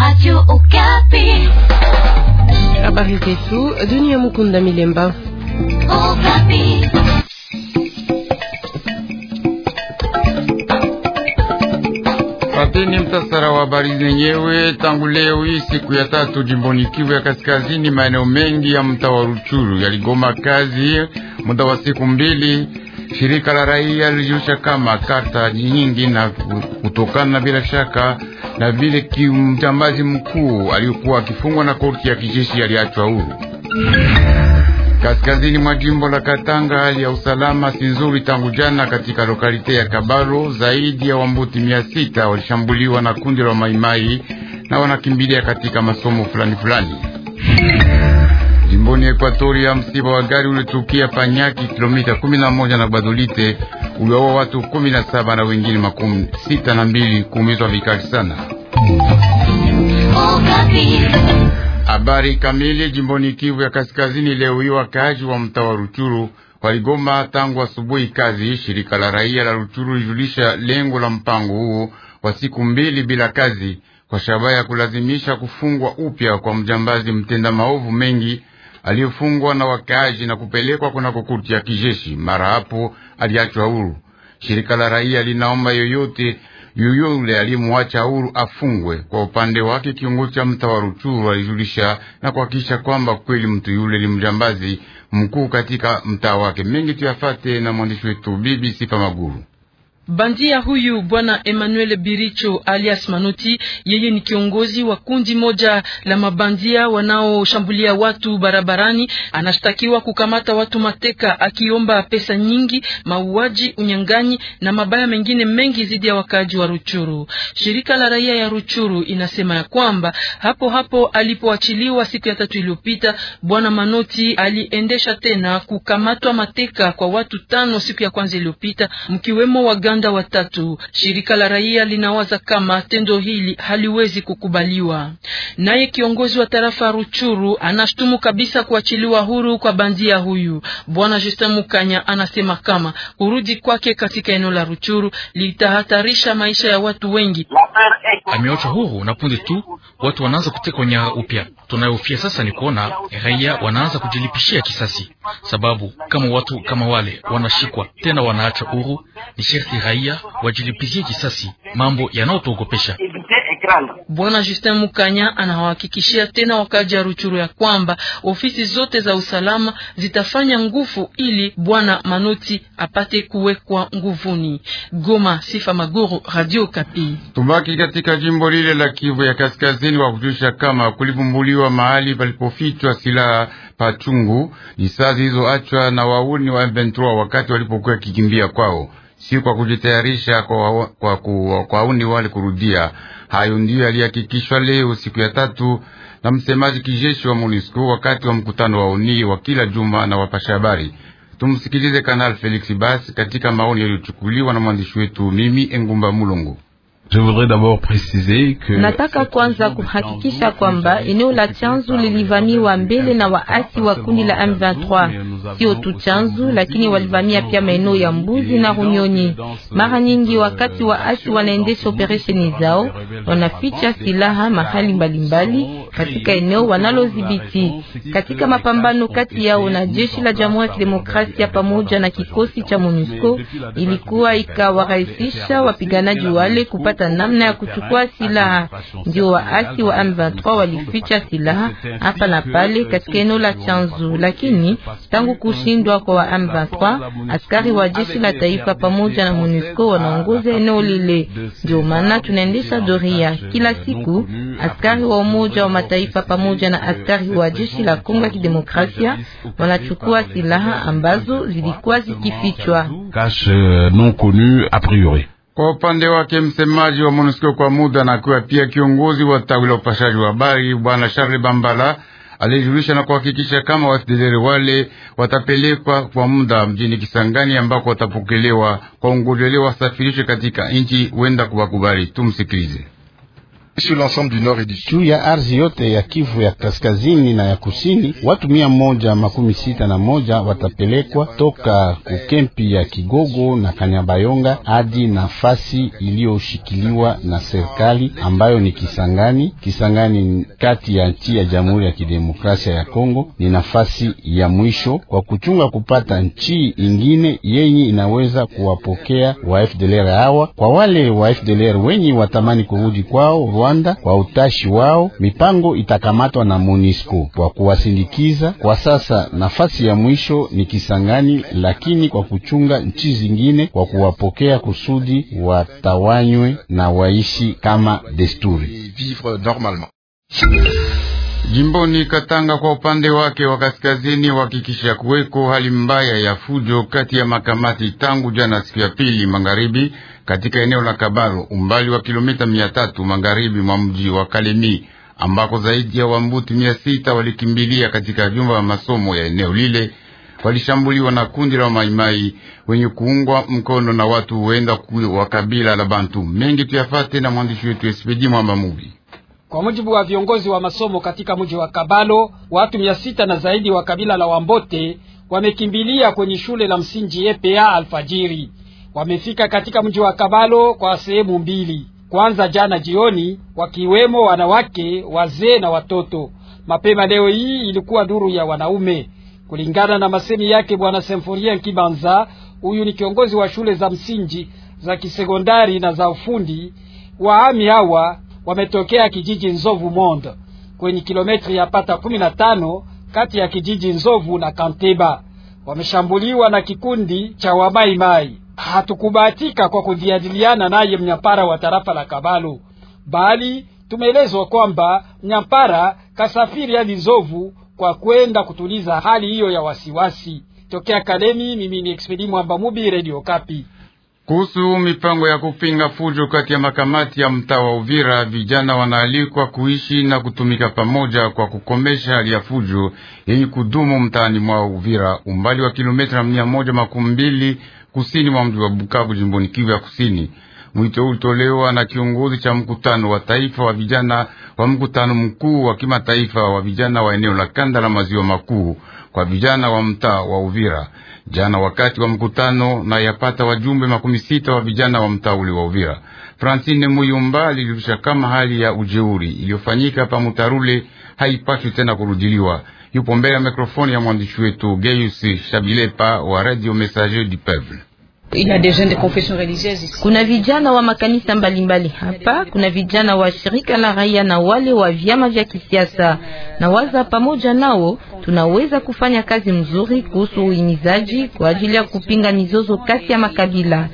Radio Okapi. Habari zetu dunia, Mukunda Milemba. Okapi. Pateni mtasara wa habari zenyewe. Tangu leo hii siku ya tatu, jimboni Kivu ya Kaskazini, maeneo mengi ya mtaa wa Ruchuru yaligoma kazi muda wa siku mbili. Shirika la raia lilijusha kama karta nyingi na kutokana bila shaka na vile kimjambazi mkuu aliyokuwa akifungwa na korti ya kijeshi aliachwa huru. Kaskazini mwa jimbo la Katanga, hali ya usalama si nzuri tangu jana katika lokalite ya Kabalo. Zaidi ya wambuti mia sita walishambuliwa na kundi la maimai na wanakimbilia katika masomo fulani fulani. Jimboni Ekwatoria, msiba wa gari ulitukia Panyaki, kilomita 11 na Badolite uliwawa watu kumi na saba na wengine makumi sita na mbili kuumizwa vikali sana. Habari kamili. Jimboni Kivu ya Kaskazini, leo hii wakaaji wa mtaa wa Ruchuru waligoma tangu asubuhi kazi. Shirika la raia la Ruchuru lijulisha lengo la mpango huo wa siku mbili bila kazi kwa shabaha ya kulazimisha kufungwa upya kwa mjambazi mtenda maovu mengi aliyefungwa na wakaaji na kupelekwa kunako kurti ya kijeshi. Mara hapo aliachwa huru. Shirika la raia linaomba yoyote yuyule aliyemwacha huru afungwe. Kwa upande wake, kiongozi cha mtaa wa Ruchuru alijulisha na kuhakikisha kwamba kweli mtu yule ni mjambazi mkuu katika mtaa wake. Mengi tuyafate na mwandishi wetu Bibi Sifa Maguru. Bandia huyu bwana Emmanuel Biricho alias Manoti, yeye ni kiongozi wa kundi moja la mabandia wanaoshambulia watu barabarani. Anashtakiwa kukamata watu mateka, akiomba pesa nyingi, mauaji, unyang'anyi na mabaya mengine mengi dhidi ya wakaaji wa Ruchuru. Shirika la raia ya Ruchuru inasema ya kwamba hapo hapo alipoachiliwa siku ya tatu iliyopita, bwana Manoti aliendesha tena kukamatwa mateka kwa watu tano siku ya kwanza iliyopita, mkiwemo wa Uganda watatu. Shirika la raia linawaza kama tendo hili haliwezi kukubaliwa. Naye kiongozi wa tarafa Ruchuru anashtumu kabisa kuachiliwa huru kwa bandia huyu. Bwana Justin Mukanya anasema kama kurudi kwake katika eneo la Ruchuru litahatarisha maisha ya watu wengi. Ameachwa huru na punde tu watu wanaanza kutekwa upya. Tunayofia sasa ni kuona raia wanaanza kujilipishia kisasi, sababu kama watu kama wale wanashikwa tena wanaachwa huru, ni sherti raia wajilipizie kisasi mambo yanayotuogopesha. Bwana Justin Mukanya anawahakikishia tena wakaji ya Ruchuru ya kwamba ofisi zote za usalama zitafanya nguvu ili bwana Manoti apate kuwekwa nguvuni. Goma, Sifa Maguru, Radio Kapi. Tubaki katika jimbo lile la Kivu ya Kaskazini wa kujulisha kama kulivumbuliwa mahali palipofichwa silaha pachungu, ni saa zilizoachwa na wauni wa M23 wakati walipokuwa kikimbia kwao si kwa kujitayarisha kwa, kwa, kwa, kwa uni wale kurudia. Hayo ndiyo yalihakikishwa leo siku ya tatu na msemaji kijeshi wa MONUSCO wakati wa mkutano wa uni wa kila juma na wapasha habari. Tumsikilize Kanali Felix Bas katika maoni yaliyochukuliwa na mwandishi wetu mimi Engumba Mulungu. Nataka kwanza kuhakikisha kwamba eneo la Chanzu lilivamiwa mbele na waasi wa kundi la M23. Sio tu Chanzu, lakini walivamia pia maeneo ya Mbuzi na Runyonyi. Mara nyingi wakati euh, waasi wanaendesha operesheni zao, wanaficha silaha mahali mbalimbali katika eneo wanalodhibiti. Katika mapambano kati yao na jeshi la Jamhuri ya Kidemokrasia pamoja na kikosi cha MONUSCO, ilikuwa ikawarahisisha wapiganaji wale kupata namna ya kuchukua silaha. Ndio waasi wa M23 walificha silaha hapa na pale katika eneo la Chanzu, lakini tangu kushindwa kwa wa M23, askari wa jeshi la taifa pamoja na MONUSCO wanaongoza eneo lile. Ndio maana tunaendesha doria kila siku, askari wa umoja wa Mataifa pamoja na askari wa jeshi la Kongo ya Kidemokrasia wanachukua silaha ambazo zilikuwa zikifichwa. Euh, kwa upande wake msemaji wa MONUSCO kwa muda na kuwa pia kiongozi wa tawi la upashaji wa habari bwana Charles Bambala alijulisha na kuhakikisha kama wafidheli wale watapelekwa kwa muda mjini Kisangani ambako watapokelewa kwa ungojelewa wasafirishwe katika nchi wenda kuwakubali. Tumsikilize sur l'ensemble du nord et du juu ya arzi yote ya Kivu ya kaskazini na ya kusini. Watu mia moja makumi sita na moja watapelekwa toka kukempi ya Kigogo na Kanyabayonga hadi nafasi iliyoshikiliwa na serikali ambayo ni Kisangani. Kisangani kati ya nchi ya Jamhuri ya Kidemokrasia ya Kongo ni nafasi ya mwisho kwa kuchunga kupata nchi ingine yenye inaweza kuwapokea wa FDLR hawa. Kwa wale wa FDLR wenye watamani kurudi kwao Rwanda kwa utashi wao. Mipango itakamatwa na MONUSCO kwa kuwasindikiza. Kwa sasa nafasi ya mwisho ni Kisangani, lakini kwa kuchunga nchi zingine kwa kuwapokea kusudi watawanywe na waishi kama desturi. Jimboni Katanga kwa upande wake wa kaskazini uhakikisha kuweko hali mbaya ya fujo kati ya makamati tangu jana siku ya pili magharibi katika eneo la Kabaro umbali wa kilomita mia tatu magharibi mwa mji wa Kalemi ambako zaidi ya wambuti mia sita walikimbilia katika vyumba vya masomo ya eneo lile. Walishambuliwa na kundi la Maimai wenye kuungwa mkono na watu huenda wa kabila la Bantu. Mengi tuyafate na mwandishi wetu Espedi Mwamba Mubi. Kwa mujibu wa viongozi wa masomo katika mji wa Kabalo, watu mia sita na zaidi wa kabila la Wambote wamekimbilia kwenye shule la msingi EPA alfajiri. Wamefika katika mji wa Kabalo kwa sehemu mbili, kwanza jana jioni, wakiwemo wanawake, wazee na watoto. Mapema leo hii ilikuwa duru ya wanaume. Kulingana na masemi yake Bwana Semforien Kibanza, huyu ni kiongozi wa shule za msingi za kisekondari na za ufundi. Wahami hawa wametokea kijiji Nzovu Monde kwenye kilometri ya pata 15 kati ya kijiji Nzovu na Kanteba. Wameshambuliwa na kikundi cha Wamaimai. Hatukubahatika kwa kujadiliana naye mnyampara wa tarafa la Kabalu, bali tumeelezwa kwamba mnyampara kasafiri hadi Nzovu kwa kwenda kutuliza hali hiyo ya wasiwasi. Tokea Kalemi, mimi ni Expedi Mwamba Mubi, Radio Kapi. Kuhusu mipango ya kupinga fujo kati ya makamati ya mtaa wa Uvira, vijana wanaalikwa kuishi na kutumika pamoja kwa kukomesha hali ya fujo yenye kudumu mtaani mwa Uvira, umbali wa kilomita mia moja makumi mbili kusini mwa mji wa Bukavu, jimboni Kivu ya Kusini. Mwito ulitolewa na kiongozi cha mkutano wa taifa wa vijana wa mkutano mkuu wa kimataifa wa vijana wa eneo la kanda la maziwa makuu kwa vijana wa mtaa wa Uvira jana wakati wa mkutano na yapata wajumbe makumi sita wa vijana wa mtauli wa Uvira. Francine Muyumba alijulisha kama hali ya ujeuri iliyofanyika pa Mutarule haipaswi tena kurudiliwa. Yupo mbele ya mikrofoni ya mwandishi wetu Geyus Shabilepa wa Radio Messager du Peuple. Kuna vijana wa makanisa mbalimbali hapa, kuna vijana wa shirika la raia na wale wa vyama vya kisiasa, na waza pamoja nao tunaweza kufanya kazi mzuri kuhusu uhimizaji kwa ajili ya kupinga mizozo kati ya makabila.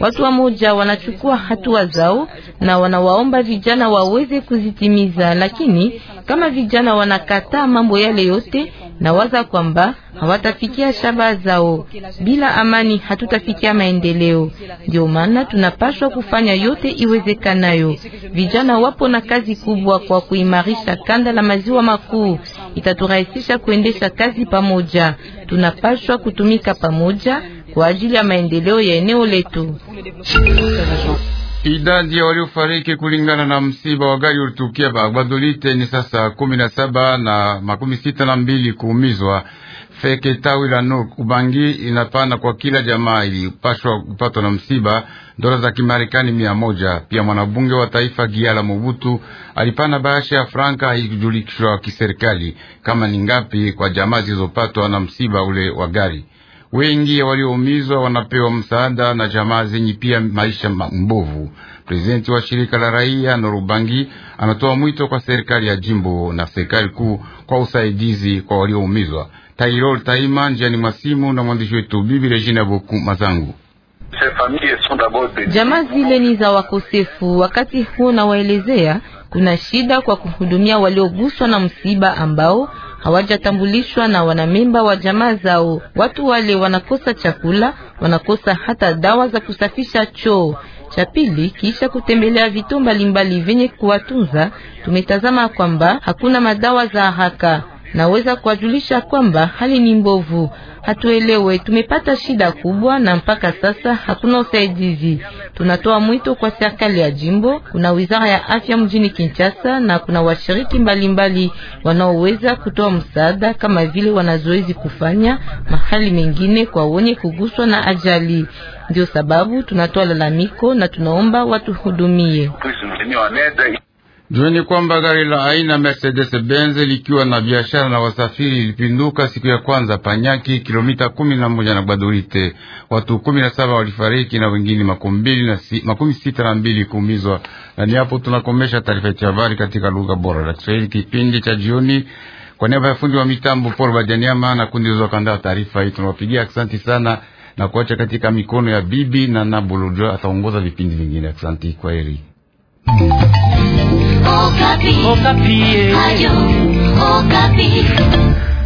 Watu wamoja wanachukua hatua zao na wanawaomba vijana waweze kuzitimiza, lakini kama vijana wanakataa mambo yale yote na waza kwamba hawatafikia shabaha zao. Bila amani hatutafikia maendeleo. Ndio maana tunapaswa kufanya yote iwezekanayo. Vijana wapo na kazi kubwa kwa kuimarisha kanda la maziwa makuu, itaturahisisha kuendesha kazi pamoja. Tunapaswa kutumika pamoja kwa ajili ya maendeleo ya eneo letu. Idadi ya waliofariki kulingana na msiba wa gari ulitukia Bagbadolite ni sasa kumi na saba na makumi sita na mbili kuumizwa. Feke tawi la no Ubangi inapana kwa kila jamaa ilipashwa kupatwa na msiba dola za Kimarekani mia moja. Pia mwanabunge wa taifa Giala Mobutu alipana bahasha ya franka haikujulikishwa kiserikali kama ni ngapi kwa jamaa zilizopatwa na msiba ule wa gari. Wengi walioumizwa wanapewa msaada na jamaa zenye pia maisha mbovu. Prezidenti wa shirika la raia Norubangi anatoa mwito kwa serikali ya jimbo na serikali kuu kwa usaidizi kwa walioumizwa. Tairol Taima njiani mwasimu na mwandishi wetu Bibi Regina Boku Mazangu. Jamaa zile ni za wakosefu. Wakati huu nawaelezea, kuna shida kwa kuhudumia walioguswa na msiba ambao hawajatambulishwa na wanamemba wa jamaa zao. Watu wale wanakosa chakula, wanakosa hata dawa za kusafisha choo. Cha pili, kisha kutembelea vituo mbalimbali vyenye kuwatunza, tumetazama kwamba hakuna madawa za haraka naweza kuwajulisha kwamba hali ni mbovu, hatuelewe, tumepata shida kubwa na mpaka sasa hakuna usaidizi. Tunatoa mwito kwa serikali ya jimbo, kuna wizara ya afya mjini Kinshasa na kuna washiriki mbalimbali wanaoweza kutoa msaada kama vile wanazoezi kufanya mahali mengine kwa wenye kuguswa na ajali. Ndio sababu tunatoa lalamiko na tunaomba watuhudumie. Jueni kwamba gari la aina Mercedes Benz likiwa na biashara na wasafiri lilipinduka siku ya kwanza Panyaki, kilomita kumi na moja na Gbadolite. Watu kumi na saba walifariki na wengine makumi sita na mbili kuumizwa. Na ni hapo tunakomesha taarifa ya habari katika lugha bora la Kiswahili kipindi cha jioni. Kwa niaba ya fundi wa mitambo Paul Bajaniama na kundi lizokandaa taarifa hii, tunawapigia asanti sana na kuacha katika mikono ya bibi na Nabuluja ataongoza vipindi vingine. Asanti, kwaheri. mm. Okapi. Okapi. Eh.